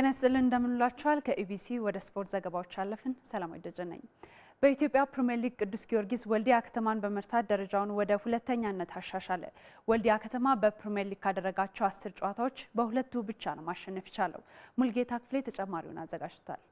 ጤና ይስጥልን እንደምንላችኋል። ከኢቢሲ ወደ ስፖርት ዘገባዎች አለፍን። ሰላማዊ ደጀ ነኝ። በኢትዮጵያ ፕሪምየር ሊግ ቅዱስ ጊዮርጊስ ወልዲያ ከተማን በመርታት ደረጃውን ወደ ሁለተኛነት አሻሻለ። ወልዲያ ከተማ በፕሪምየር ሊግ ካደረጋቸው አስር ጨዋታዎች በሁለቱ ብቻ ነው ማሸነፍ የቻለው። ሙልጌታ ክፍሌ ተጨማሪውን አዘጋጅቷል።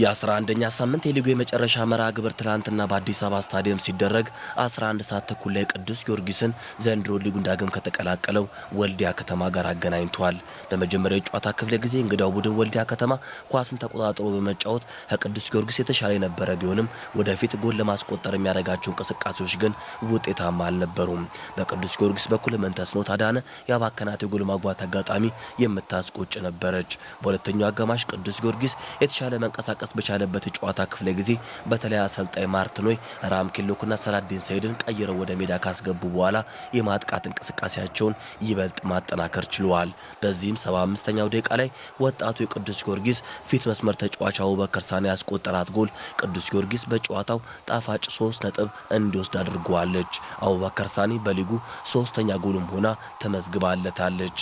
የ11ኛ ሳምንት የሊጉ የመጨረሻ መርሃ ግብር ትላንትና በአዲስ አበባ ስታዲየም ሲደረግ 11 ሰዓት ተኩል ላይ ቅዱስ ጊዮርጊስን ዘንድሮ ሊጉን ዳግም ከተቀላቀለው ወልዲያ ከተማ ጋር አገናኝቷል። በመጀመሪያው የጨዋታ ክፍለ ጊዜ እንግዳው ቡድን ወልዲያ ከተማ ኳስን ተቆጣጥሮ በመጫወት ከቅዱስ ጊዮርጊስ የተሻለ የነበረ ቢሆንም ወደፊት ጎል ለማስቆጠር የሚያደርጋቸው እንቅስቃሴዎች ግን ውጤታማ አልነበሩም። በቅዱስ ጊዮርጊስ በኩል መንተስኖት ታዳነ የአባከናት የጎል ማግባት አጋጣሚ የምታስቆጭ ነበረች። በሁለተኛው አጋማሽ ቅዱስ ጊዮርጊስ የተሻለ መንቀሳቀስ መንቀሳቀስ በቻለበት ጨዋታ ክፍለ ጊዜ በተለይ አሰልጣኝ ማርቲኖይ ራምኪሎክና ሰላዲን ሰይድን ቀይረው ወደ ሜዳ ካስገቡ በኋላ የማጥቃት እንቅስቃሴያቸውን ይበልጥ ማጠናከር ችለዋል። በዚህም 75ኛው ደቂቃ ላይ ወጣቱ የቅዱስ ጊዮርጊስ ፊት መስመር ተጫዋች አቡበከር ሳኔ ያስቆጠራት ጎል ቅዱስ ጊዮርጊስ በጨዋታው ጣፋጭ ሶስት ነጥብ እንዲወስድ አድርጓለች። አቡበከር ሳኔ በሊጉ ሶስተኛ ጎልም ሆና ተመዝግባለታለች።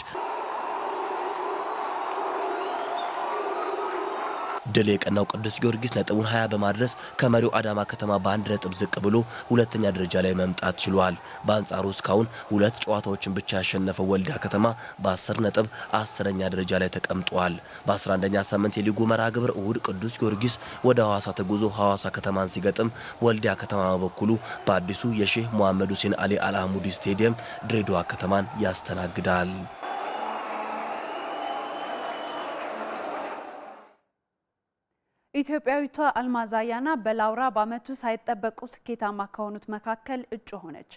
ድል የቀናው ቅዱስ ጊዮርጊስ ነጥቡን 20 በማድረስ ከመሪው አዳማ ከተማ በአንድ ነጥብ ዝቅ ብሎ ሁለተኛ ደረጃ ላይ መምጣት ችሏል። በአንጻሩ እስካሁን ሁለት ጨዋታዎችን ብቻ ያሸነፈው ወልዳ ከተማ በ10 ነጥብ አስረኛ ደረጃ ላይ ተቀምጧል። በ11ኛ ሳምንት የሊጉ መርሃ ግብር እሁድ ቅዱስ ጊዮርጊስ ወደ ሐዋሳ ተጉዞ ሐዋሳ ከተማን ሲገጥም ወልዲያ ከተማ በበኩሉ በአዲሱ የሼህ መሐመድ ሁሴን አሊ አልአሙዲ ስቴዲየም ድሬዳዋ ከተማን ያስተናግዳል። ኢትዮጵያዊቷ አልማዝ አያና በላውራ በዓመቱ ሳይጠበቁ ስኬታማ ከሆኑት መካከል እጩ ሆነች።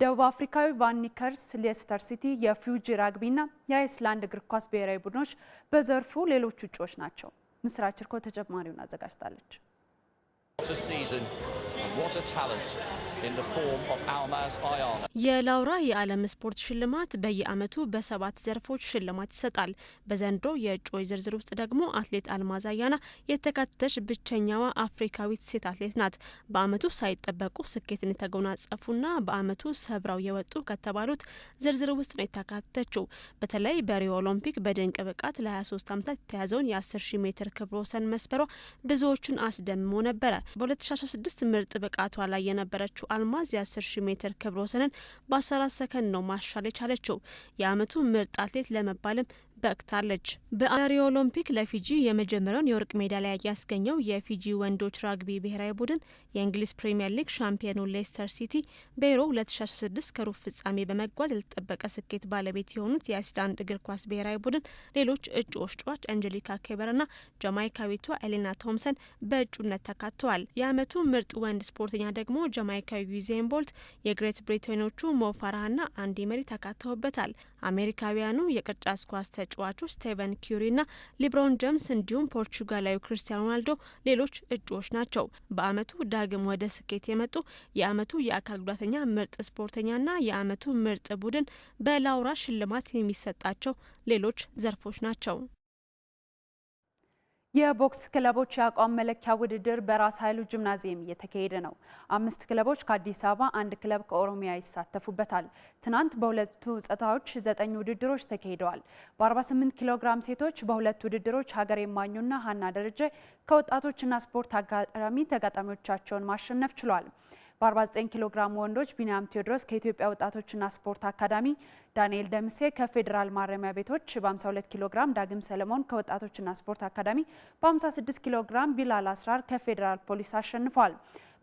ደቡብ አፍሪካዊ ቫኒከርስ ሌስተር ሲቲ፣ የፊውጂ እና የአይስላንድ እግር ኳስ ብሔራዊ ቡድኖች በዘርፉ ሌሎች እጩዎች ናቸው። ምስራች እርኮ ተጨማሪውን አዘጋጅታለች። የላውራ የዓለም ስፖርት ሽልማት በየዓመቱ በሰባት ዘርፎች ሽልማት ይሰጣል። በዘንድሮ የእጩዎች ዝርዝር ውስጥ ደግሞ አትሌት አልማዝ አያና የተካተተች ብቸኛዋ አፍሪካዊት ሴት አትሌት ናት። በዓመቱ ሳይጠበቁ ስኬትን የተጎናጸፉና በዓመቱ ሰብራው የወጡ ከተባሉት ዝርዝር ውስጥ ነው የተካተተችው። በተለይ በሪዮ ኦሎምፒክ በድንቅ ብቃት ለ23 ዓመታት የተያዘውን የ10,000 ሜትር ክብረ ወሰን መስበሯ ብዙዎቹን አስደምሞ ነበረ። በ2016 ምርጥ ብቃቷ ላይ የነበረችው አልማዝ የ10 ሺ ሜትር ክብረ ወሰንን በ14 ሰከንድ ነው ማሻል የቻለችው። የአመቱ ምርጥ አትሌት ለመባልም በቅታለች። በአሪ ኦሎምፒክ ለፊጂ የመጀመሪያውን የወርቅ ሜዳሊያ ያስገኘው የፊጂ ወንዶች ራግቢ ብሔራዊ ቡድን የእንግሊዝ ፕሪምየር ሊግ ሻምፒዮኑ ሌስተር ሲቲ በዩሮ 2016 ከሩብ ፍጻሜ በመጓዝ ያልተጠበቀ ስኬት ባለቤት የሆኑት የአይስላንድ እግር ኳስ ብሔራዊ ቡድን ሌሎች እጩ ጨዋች አንጀሊካ ኬበርና ጃማይካዊቷ ኤሌና ቶምሰን በእጩነት ተካተዋል። የአመቱ ምርጥ ወንድ ስፖርተኛ ደግሞ ጃማይካዊ ዩዜን ቦልት፣ የግሬት ብሪቴኖቹ ሞፋራህና አንዲ መሪ ተካተውበታል። አሜሪካውያኑ የቅርጫት ኳስ ተጫዋቾች ስቴቨን ና ሊብሮን ጀምስ እንዲሁም ፖርቹጋላዊ ክርስቲያን ሮናልዶ ሌሎች እጩዎች ናቸው። በአመቱ ዳግም ወደ ስኬት የመጡ የአመቱ የአካል ጉዳተኛ ምርጥ ና የአመቱ ምርጥ ቡድን በላውራ ሽልማት የሚሰጣቸው ሌሎች ዘርፎች ናቸው። የቦክስ ክለቦች የአቋም መለኪያ ውድድር በራስ ኃይሉ ጂምናዚየም እየተካሄደ ነው። አምስት ክለቦች ከአዲስ አበባ፣ አንድ ክለብ ከኦሮሚያ ይሳተፉበታል። ትናንት በሁለቱ ጾታዎች ዘጠኝ ውድድሮች ተካሂደዋል። በ48 ኪሎ ግራም ሴቶች በሁለት ውድድሮች ሀገር የማኙና ሀና ደረጀ ከወጣቶችና ስፖርት አካዳሚ ተጋጣሚዎቻቸውን ማሸነፍ ችሏል። በ49 ኪሎ ግራም ወንዶች ቢንያም ቴዎድሮስ ከኢትዮጵያ ወጣቶችና ስፖርት አካዳሚ፣ ዳንኤል ደምሴ ከፌዴራል ማረሚያ ቤቶች በ52 ኪሎ ግራም፣ ዳግም ሰለሞን ከወጣቶችና ስፖርት አካዳሚ በ56 ኪሎ ግራም፣ ቢላል አስራር ከፌዴራል ፖሊስ አሸንፏል።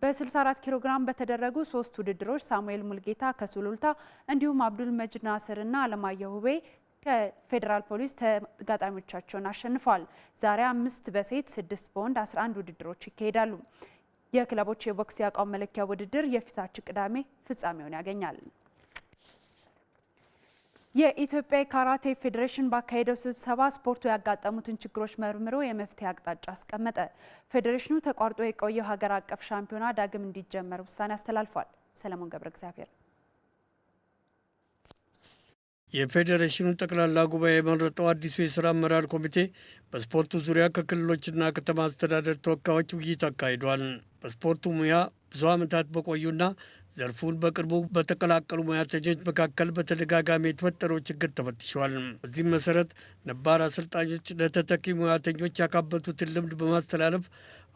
በ64 ኪሎ ግራም በተደረጉ ሶስት ውድድሮች ሳሙኤል ሙልጌታ ከሱሉልታ እንዲሁም አብዱል መጅድ ናስርና አለማየሁ ውቤ ከፌዴራል ፖሊስ ተጋጣሚዎቻቸውን አሸንፏል። ዛሬ አምስት በሴት ስድስት በወንድ 11 ውድድሮች ይካሄዳሉ። የክለቦች የቦክስ የአቋም መለኪያ ውድድር የፊታችን ቅዳሜ ፍጻሜውን ያገኛል። የኢትዮጵያ ካራቴ ፌዴሬሽን ባካሄደው ስብሰባ ስፖርቱ ያጋጠሙትን ችግሮች መርምሮ የመፍትሄ አቅጣጫ አስቀመጠ። ፌዴሬሽኑ ተቋርጦ የቆየው ሀገር አቀፍ ሻምፒዮና ዳግም እንዲጀመር ውሳኔ አስተላልፏል። ሰለሞን ገብረ እግዚአብሔር የፌዴሬሽኑ ጠቅላላ ጉባኤ የመረጠው አዲሱ የስራ አመራር ኮሚቴ በስፖርቱ ዙሪያ ከክልሎችና ከተማ አስተዳደር ተወካዮች ውይይት አካሂዷል። በስፖርቱ ሙያ ብዙ ዓመታት በቆዩና ዘርፉን በቅርቡ በተቀላቀሉ ሙያተኞች መካከል በተደጋጋሚ የተፈጠረው ችግር ተፈትሸዋል። በዚህም መሰረት ነባር አሰልጣኞች ለተተኪ ሙያተኞች ያካበቱትን ልምድ በማስተላለፍ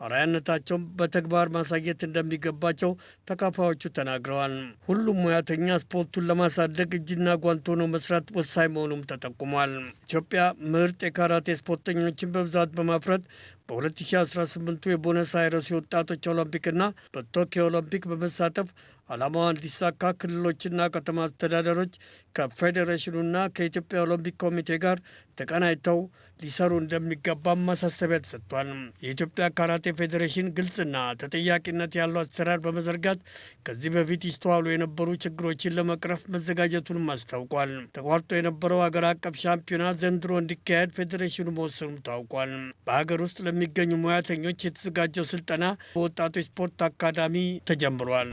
አርአያነታቸውን በተግባር ማሳየት እንደሚገባቸው ተካፋዮቹ ተናግረዋል። ሁሉም ሙያተኛ ስፖርቱን ለማሳደግ እጅና ጓንት ሆኖ መስራት ወሳኝ መሆኑም ተጠቁሟል። ኢትዮጵያ ምርጥ የካራቴ ስፖርተኞችን በብዛት በማፍረት በ 2018 የቦነስ አይረስ የወጣቶች ኦሎምፒክና በቶኪዮ ኦሎምፒክ በመሳተፍ ዓላማዋ እንዲሳካ ክልሎችና ከተማ አስተዳደሮች ከፌዴሬሽኑና ከኢትዮጵያ ኦሎምፒክ ኮሚቴ ጋር ተቀናጅተው ሊሰሩ እንደሚገባም ማሳሰቢያ ተሰጥቷል። የኢትዮጵያ ካራቴ ካራቴ ፌዴሬሽን ግልጽና ተጠያቂነት ያለው አሰራር በመዘርጋት ከዚህ በፊት ይስተዋሉ የነበሩ ችግሮችን ለመቅረፍ መዘጋጀቱንም አስታውቋል። ተቋርጦ የነበረው ሀገር አቀፍ ሻምፒዮና ዘንድሮ እንዲካሄድ ፌዴሬሽኑ መወሰኑም ታውቋል። በሀገር ውስጥ ለሚገኙ ሙያተኞች የተዘጋጀው ስልጠና በወጣቶች ስፖርት አካዳሚ ተጀምሯል።